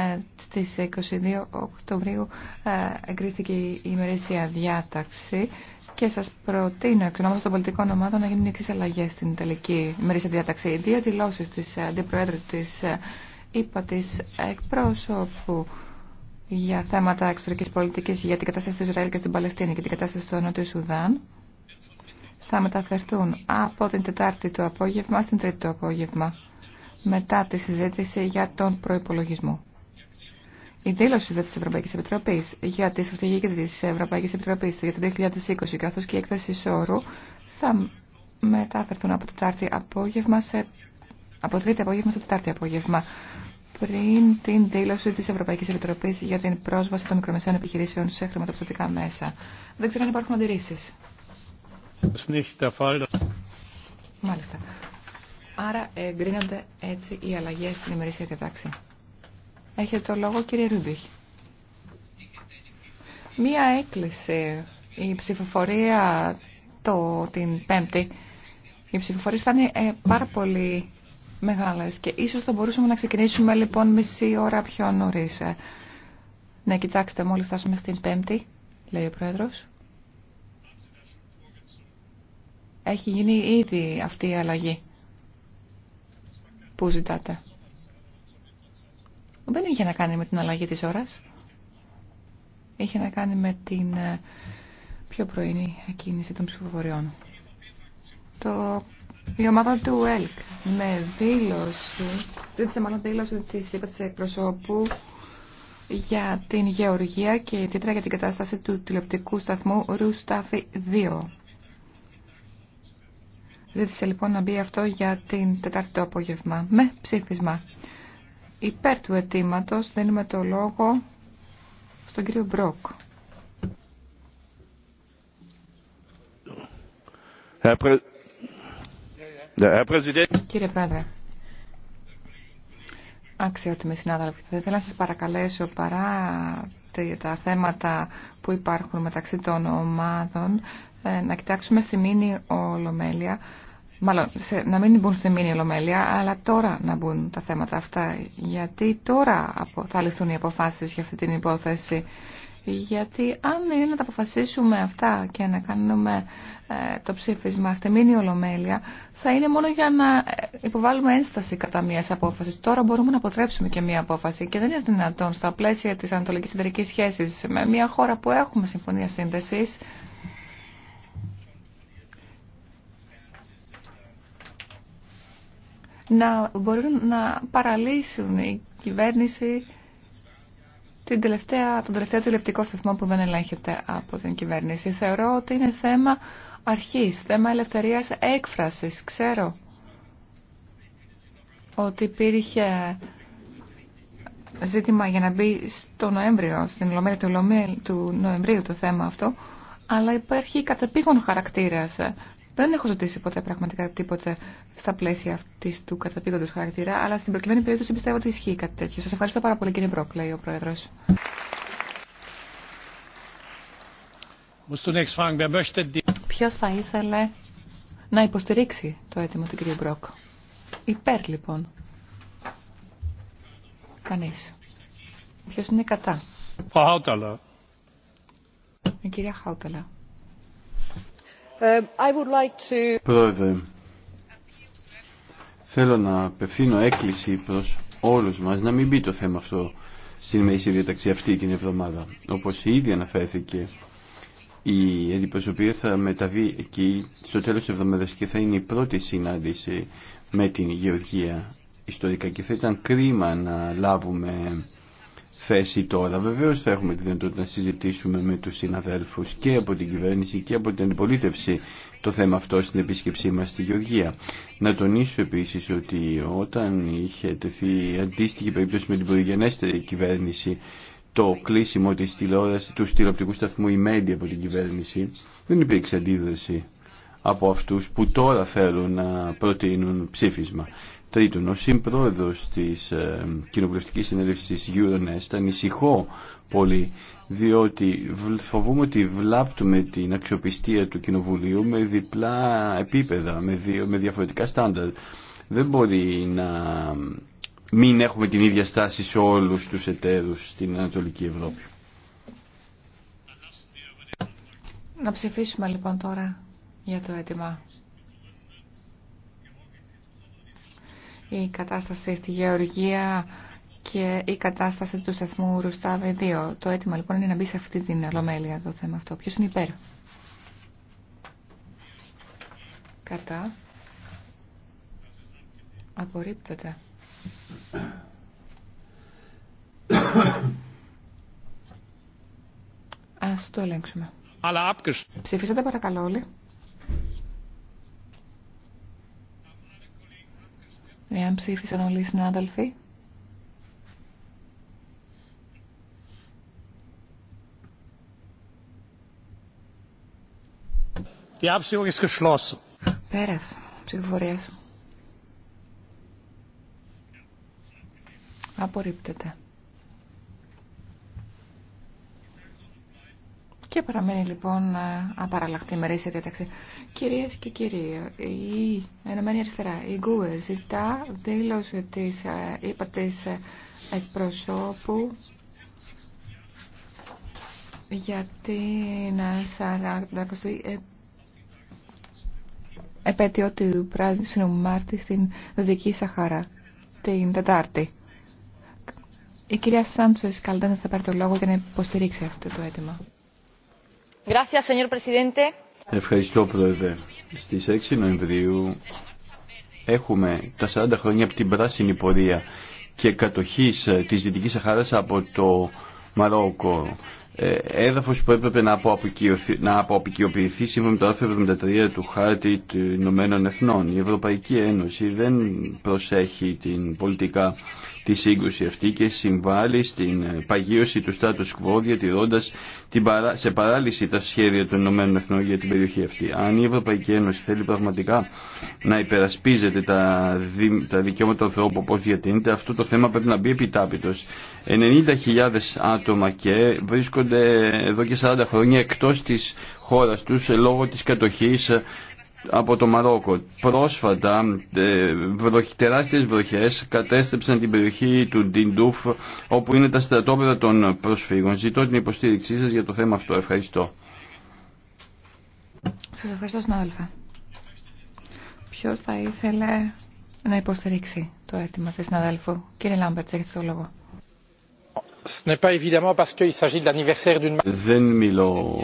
Ε, στις 22 Οκτωβρίου ε, εγκρίθηκε η ημερήσια διάταξη και σας προτείνω εξ ονόματος των πολιτικών ομάδων να γίνουν εξής αλλαγές στην τελική ημερήσια διάταξη. Οι δύο δηλώσεις της Αντιπροέδρου της ε, ΥΠΑ της εκπρόσωπου για θέματα εξωτερικής πολιτικής για την κατάσταση του Ισραήλ και στην Παλαιστίνη και την κατάσταση του Νότιου Σουδάν θα μεταφερθούν από την Τετάρτη το απόγευμα στην Τρίτη το απόγευμα μετά τη συζήτηση για τον προϋπολογισμό. Η δήλωση τη της Ευρωπαϊκής Επιτροπής για τη στρατηγική της Ευρωπαϊκής Επιτροπής για το 2020 καθώς και η έκθεση όρου θα μετάφερθουν από Τετάρτη απόγευμα σε... από Τρίτη απόγευμα σε Τετάρτη απόγευμα πριν την δήλωση της Ευρωπαϊκής Επιτροπής για την πρόσβαση των μικρομεσαίων επιχειρήσεων σε χρηματοπιστωτικά μέσα. Δεν ξέρω αν υπάρχουν αντιρρήσεις. Μάλιστα. Άρα εγκρίνονται έτσι οι αλλαγές στην ημερήσια διατάξη. Έχετε το λόγο κύριε Ρούμπιχ. Μία έκκληση. Η ψηφοφορία το, την Πέμπτη. Οι ψηφοφορίες θα είναι ε, πάρα πολύ μεγάλες και ίσως θα μπορούσαμε να ξεκινήσουμε λοιπόν μισή ώρα πιο νωρίς. Ναι, κοιτάξτε, μόλις φτάσουμε στην Πέμπτη, λέει ο Πρόεδρος. Έχει γίνει ήδη αυτή η αλλαγή που ζητάτε δεν είχε να κάνει με την αλλαγή της ώρας. Είχε να κάνει με την ε, πιο πρωινή κίνηση των ψηφοφοριών. Το, η ομάδα του ΕΛΚ με δήλωση, ζήτησε μάλλον δήλωση της είπα εκπροσώπου για την γεωργία και ιδιαίτερα για την κατάσταση του τηλεοπτικού σταθμού Ρουστάφη 2. Ζήτησε λοιπόν να μπει αυτό για την Τετάρτη το απόγευμα με ψήφισμα. Υπέρ του αιτήματο δίνουμε το λόγο στον κύριο Μπρόκ. Κύριε Πρόεδρε, αξιότιμοι συνάδελφοι, θα ήθελα να σας παρακαλέσω παρά τα θέματα που υπάρχουν μεταξύ των ομάδων ε, να κοιτάξουμε στη μήνυ ολομέλεια μάλλον σε, να μην μπουν στη μήνυ ολομέλεια, αλλά τώρα να μπουν τα θέματα αυτά. Γιατί τώρα θα ληφθούν οι αποφάσεις για αυτή την υπόθεση. Γιατί αν είναι να τα αποφασίσουμε αυτά και να κάνουμε ε, το ψήφισμα στη μήνυ ολομέλεια, θα είναι μόνο για να ε, υποβάλουμε ένσταση κατά μια απόφαση. Τώρα μπορούμε να αποτρέψουμε και μια απόφαση και δεν είναι δυνατόν στα πλαίσια τη Ανατολική Συντηρική σχέση με μια χώρα που έχουμε συμφωνία σύνδεση. να μπορούν να παραλύσουν η κυβέρνηση την τελευταία, τον τελευταίο τηλεπτικό σταθμό που δεν ελέγχεται από την κυβέρνηση. Θεωρώ ότι είναι θέμα αρχής, θέμα ελευθερίας έκφρασης. Ξέρω ότι υπήρχε ζήτημα για να μπει στο Νοέμβριο, στην Ολομέλεια του, Νοεμβρίου το θέμα αυτό, αλλά υπάρχει κατεπήγον χαρακτήρας δεν έχω ζητήσει ποτέ πραγματικά τίποτα στα πλαίσια αυτή του καταπήγοντο χαρακτήρα, αλλά στην προκειμένη περίπτωση πιστεύω ότι ισχύει κάτι τέτοιο. Σα ευχαριστώ πάρα πολύ, κύριε Μπρόκ, λέει ο Πρόεδρο. Ποιο θα ήθελε να υποστηρίξει το αίτημα του κύριου Μπρόκ. Υπέρ, λοιπόν. Κανεί. Ποιο είναι κατά. Η κυρία Χάουταλα. Um, Πρόεδρε, θέλω να απευθύνω έκκληση προς όλους μας να μην μπει το θέμα αυτό στην μέση διαταξή αυτή την εβδομάδα. Όπως ήδη αναφέρθηκε, η αντιπροσωπεία θα μεταβεί εκεί στο τέλος της εβδομάδας και θα είναι η πρώτη συνάντηση με την Γεωργία ιστορικά και θα ήταν κρίμα να λάβουμε θέση τώρα. Βεβαίως θα έχουμε τη δυνατότητα να συζητήσουμε με τους συναδέλφους και από την κυβέρνηση και από την αντιπολίτευση το θέμα αυτό στην επίσκεψή μας στη Γεωργία. Να τονίσω επίσης ότι όταν είχε τεθεί αντίστοιχη περίπτωση με την προηγενέστερη κυβέρνηση το κλείσιμο της τηλεόραση του τηλεοπτικού σταθμού η Μέντι από την κυβέρνηση δεν υπήρξε αντίδραση από αυτούς που τώρα θέλουν να προτείνουν ψήφισμα. Τρίτον, ως συμπρόεδρος της ε, κοινοβουλευτικής συνέλευσης Euronest ανησυχώ πολύ διότι φοβούμαι ότι βλάπτουμε την αξιοπιστία του Κοινοβουλίου με διπλά επίπεδα, με, με διαφορετικά στάνταρ. Δεν μπορεί να μην έχουμε την ίδια στάση σε όλους τους εταίρους στην Ανατολική Ευρώπη. Να ψηφίσουμε λοιπόν τώρα για το αίτημα η κατάσταση στη Γεωργία και η κατάσταση του σταθμού Ρουστάβε 2. Το αίτημα λοιπόν είναι να μπει σε αυτή την ολομέλεια το θέμα αυτό. Ποιος είναι υπέρ. Κατά. Απορρίπτεται. Ας το ελέγξουμε. Αλλά Ψηφίσατε παρακαλώ όλοι. ψήφισαν όλοι οι συνάδελφοι. Die Abstimmung Πέρας σου. Απορρίπτεται. Και παραμένει λοιπόν απαραλλαχτή μερίσια διάταξη. Κυρίε και κύριοι, η Ενωμένη Αριστερά, η Γκουε, ζητά δήλωση τη είπα τη ε, εκπροσώπου για την 40η ε, επέτειο του πράσινου Μάρτη στην Δυτική Σαχάρα, την Τετάρτη. Η κυρία Σάντσες η κυρια Σάντσο καλντενα θα πάρει το λόγο για να υποστηρίξει αυτό το αίτημα. Ευχαριστώ, Πρόεδρε. Στις 6 Νοεμβρίου έχουμε τα 40 χρόνια από την πράσινη πορεία και κατοχή ε, της Δυτικής Σαχάρας από το Μαρόκο. Ε, έδαφος που έπρεπε να, να αποαπικιοποιηθεί σύμφωνα με το άρθρο 73 του Χάρτη των Ηνωμένων Εθνών. Η Ευρωπαϊκή Ένωση δεν προσέχει την πολιτικά τη σύγκρουση αυτή και συμβάλλει στην ε, παγίωση του status quo διατηρώντας σε παράλυση τα σχέδια των Ηνωμένων Εθνών για την περιοχή αυτή. Αν η Ευρωπαϊκή Ένωση θέλει πραγματικά να υπερασπίζεται τα, δι... τα δικαιώματα του ανθρώπου όπως διατείνεται, αυτό το θέμα πρέπει να μπει επιτάπητος. 90.000 άτομα και βρίσκονται εδώ και 40 χρόνια εκτός της χώρας τους λόγω της κατοχής από το Μαρόκο. Πρόσφατα ε, βροχ, τεράστιες βροχές κατέστρεψαν την περιοχή του Ντιντούφ όπου είναι τα στρατόπεδα των προσφύγων. Ζητώ την υποστήριξή σας για το θέμα αυτό. Ευχαριστώ. Σας ευχαριστώ συνάδελφα. Ποιος θα ήθελε να υποστηρίξει το αίτημα της συναδέλφου. Κύριε Λάμπερτς, έχετε το λόγο. Δεν μιλώ,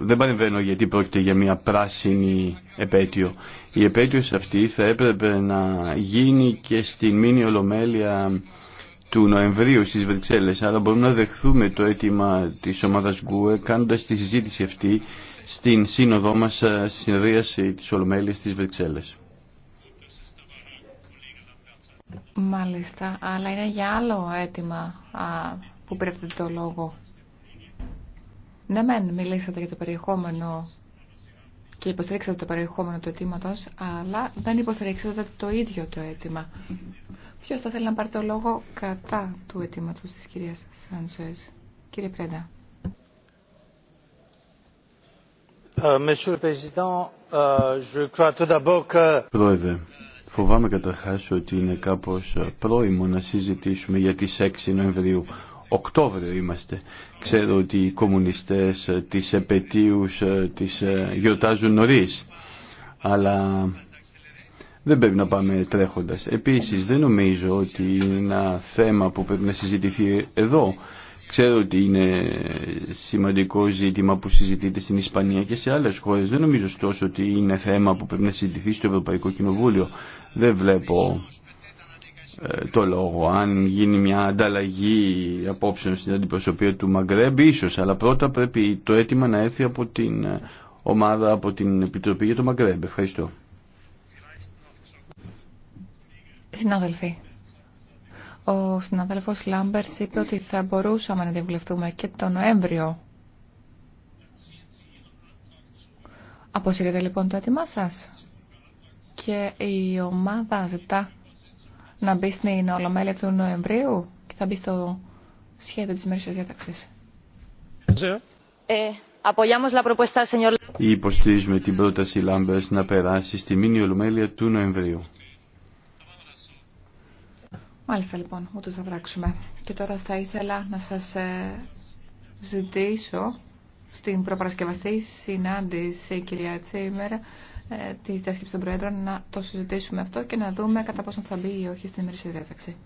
δεν παρεμβαίνω γιατί πρόκειται για μια πράσινη επέτειο. Η επέτειος αυτή θα έπρεπε να γίνει και στην μήνυ ολομέλεια του Νοεμβρίου στις Βρυξέλλες, άρα μπορούμε να δεχθούμε το αίτημα της ομάδας Γκουε κάνοντας τη συζήτηση αυτή στην σύνοδό μας στη ε, συνεδρίαση της Ολομέλειας στις Βρυξέλλες. Μάλιστα, αλλά είναι για άλλο αίτημα που πήρατε το λόγο. Ναι, μεν μιλήσατε για το περιεχόμενο και υποστηρίξατε το περιεχόμενο του αιτήματο, αλλά δεν υποστηρίξατε το ίδιο το αίτημα. Ποιο θα θέλει να πάρει το λόγο κατά του αιτήματο τη κυρία Σάντσοε, κύριε Πρέντα. Ε, ε, Πρόεδρε, φοβάμαι καταρχά ότι είναι κάπω ε, πρόημο να συζητήσουμε για τι 6 Νοεμβρίου Οκτώβριο είμαστε. Ξέρω ότι οι κομμουνιστές ε, τις επαιτίους ε, τις ε, γιορτάζουν νωρίς. Αλλά δεν πρέπει να πάμε τρέχοντας. Επίσης δεν νομίζω ότι είναι ένα θέμα που πρέπει να συζητηθεί εδώ. Ξέρω ότι είναι σημαντικό ζήτημα που συζητείται στην Ισπανία και σε άλλες χώρες. Δεν νομίζω ωστόσο ότι είναι θέμα που πρέπει να συζητηθεί στο Ευρωπαϊκό Κοινοβούλιο. Δεν βλέπω ε, το λόγο. Αν γίνει μια ανταλλαγή απόψεων στην αντιπροσωπεία του Μαγκρέμπ, ίσως, αλλά πρώτα πρέπει το αίτημα να έρθει από την ε, ομάδα, από την Επιτροπή για το Μαγκρέμπ. Ευχαριστώ. Συνάδελφοι, ο συνάδελφος Λάμπερς είπε ότι θα μπορούσαμε να διαβουλευτούμε και τον Νοέμβριο. Αποσύρετε λοιπόν το αίτημά σα Και η ομάδα ζητά να μπει στην Ολομέλεια του Νοεμβρίου και θα μπει στο σχέδιο της μέρης της διάταξης. Ε, υποστηρίζουμε την πρόταση Λάμπερς να περάσει στη μήνυ Ολομέλεια του Νοεμβρίου. Μάλιστα λοιπόν, ούτε θα βράξουμε. Και τώρα θα ήθελα να σας ε, ζητήσω στην προπαρασκευαστή συνάντηση, κυρία Τσίμερ, ε, τη διάσκεψη των Προέδρων να το συζητήσουμε αυτό και να δούμε κατά πόσο θα μπει ή όχι στην ημερήσια διάταξη.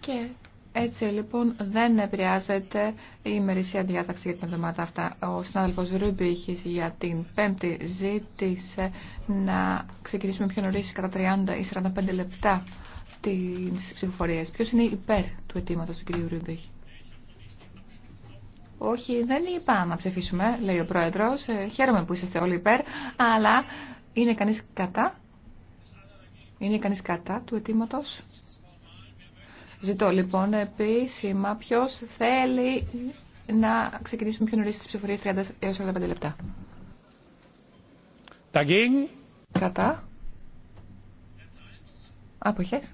Και έτσι λοιπόν δεν επηρεάζεται η ημερησία διάταξη για την εβδομάδα αυτά. Ο συνάδελφος Ρούμπιχη για την Πέμπτη ζήτησε να ξεκινήσουμε πιο νωρίς κατά 30 ή 45 λεπτά τις ψηφοφορίες. Ποιος είναι υπέρ του αιτήματος του κ. Ρούμπιχη. Όχι, δεν είπα να ψηφίσουμε, λέει ο Πρόεδρος. Ε, χαίρομαι που είσαστε όλοι υπέρ, αλλά είναι κανείς κατά. Είναι κανείς κατά του αιτήματο. Ζητώ λοιπόν επίσημα ποιος θέλει να ξεκινήσουμε πιο νωρί τι ψηφορίε 30 έω 45 λεπτά. Κατά. Αποχές.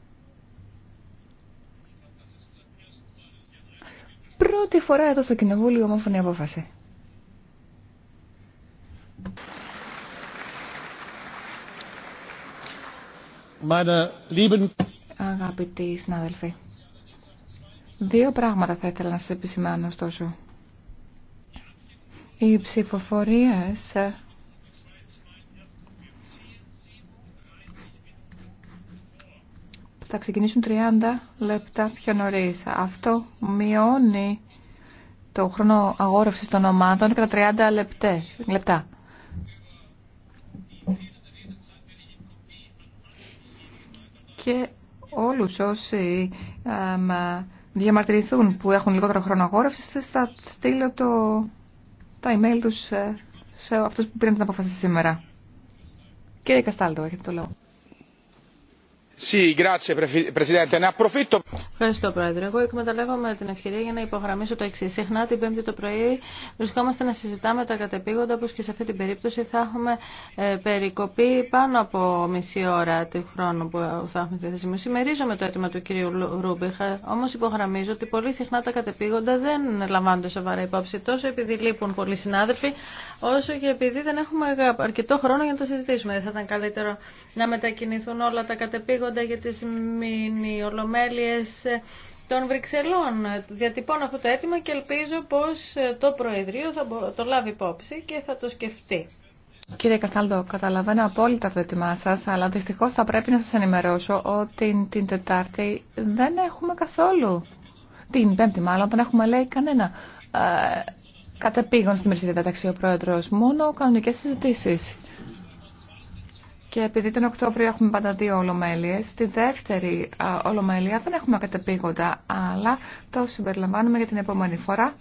Πρώτη φορά εδώ στο Κοινοβούλιο ομόφωνη απόφαση. Αγαπητοί συνάδελφοι, δύο πράγματα θα ήθελα να σας επισημάνω ωστόσο. Οι ψηφοφορίες θα ξεκινήσουν 30 λεπτά πιο νωρίς. Αυτό μειώνει το χρόνο αγόρευση των ομάδων κατά 30 λεπτά. Και όλους όσοι διαμαρτυρηθούν που έχουν λιγότερο χρόνο αγόρευση, θα στείλω το, τα email τους ε, σε αυτούς που πήραν την αποφάση σήμερα. Κύριε Καστάλτο, έχετε το λόγο. Ευχαριστώ, Πρόεδρε. Εγώ εκμεταλλεύομαι την ευκαιρία για να υπογραμμίσω το εξή. Συχνά την Πέμπτη το πρωί βρισκόμαστε να συζητάμε τα κατεπήγοντα, όπω και σε αυτή την περίπτωση θα έχουμε ε, περικοπή πάνω από μισή ώρα του χρόνου που θα έχουμε στη θέση μου. Συμμερίζομαι το αίτημα του κυρίου Ρούμπιχα, ε, όμω υπογραμμίζω ότι πολύ συχνά τα κατεπήγοντα δεν λαμβάνονται σοβαρά υπόψη, τόσο επειδή λείπουν πολλοί συνάδελφοι, όσο και επειδή δεν έχουμε αρκετό χρόνο για να το συζητήσουμε. Δεν θα ήταν καλύτερο να μετακινηθούν όλα τα κατεπήγοντα για τις ολομέλειες των Βρυξελών. Διατυπώνω αυτό το αίτημα και ελπίζω πως το Προεδρείο θα το λάβει υπόψη και θα το σκεφτεί. Κύριε Καθάλτο, καταλαβαίνω απόλυτα το αίτημά σα, αλλά δυστυχώ θα πρέπει να σα ενημερώσω ότι την Τετάρτη δεν έχουμε καθόλου. Την Πέμπτη, μάλλον, δεν έχουμε λέει κανένα. Ε, κατεπήγον στην μερική ο Πρόεδρο. Μόνο κανονικέ συζητήσει. Και επειδή τον Οκτώβριο έχουμε πάντα δύο ολομέλειες, στη δεύτερη ολομέλεια δεν έχουμε κατεπήγοντα, αλλά το συμπεριλαμβάνουμε για την επόμενη φορά.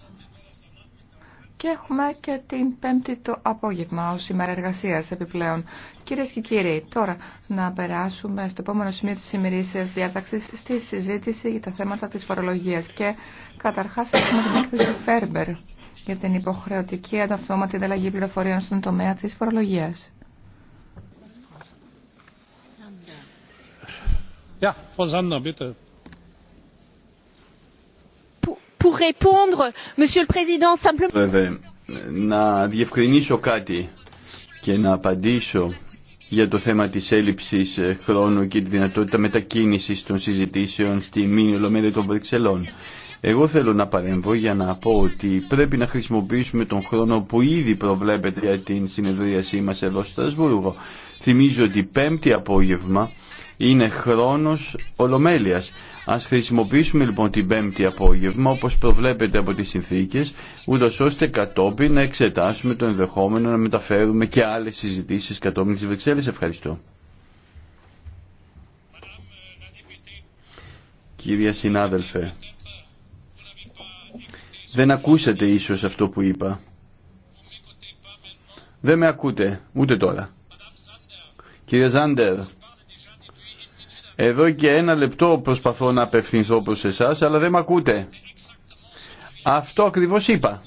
Και έχουμε και την πέμπτη το απόγευμα ως ημέρα εργασίας επιπλέον. Κυρίε και κύριοι, τώρα να περάσουμε στο επόμενο σημείο της ημερήσιας διάταξης στη συζήτηση για τα θέματα της φορολογίας. Και καταρχάς έχουμε την έκθεση Φέρμπερ για την υποχρεωτική ανταυτόματη ανταλλαγή πληροφοριών στον τομέα της φορολογίας. να διευκρινίσω κάτι και να απαντήσω για το θέμα της έλλειψης ε, χρόνου και τη δυνατότητα μετακίνησης των συζητήσεων στη μήνυ ολομέλεια των Βρυξελών. Εγώ θέλω να παρέμβω για να πω ότι πρέπει να χρησιμοποιήσουμε τον χρόνο που ήδη προβλέπεται για την συνεδρίασή μας εδώ στο Στρασβούργο. Θυμίζω ότι πέμπτη απόγευμα είναι χρόνος ολομέλειας. Ας χρησιμοποιήσουμε λοιπόν την πέμπτη απόγευμα όπως προβλέπεται από τις συνθήκες ούτω ώστε κατόπιν να εξετάσουμε το ενδεχόμενο να μεταφέρουμε και άλλες συζητήσεις κατόπιν της Βεξέλλης. Ευχαριστώ. Κυρία συνάδελφε, δεν ακούσατε ίσως αυτό που είπα. Δεν με ακούτε, ούτε τώρα. Κύριε Ζάντερ, εδώ και ένα λεπτό προσπαθώ να απευθυνθώ προς εσάς, αλλά δεν με ακούτε. Αυτό ακριβώς είπα,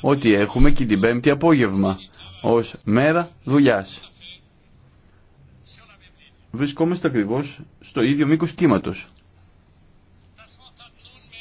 ότι έχουμε και την πέμπτη απόγευμα, ως μέρα δουλειάς. Βρισκόμαστε ακριβώς στο ίδιο μήκος κύματος.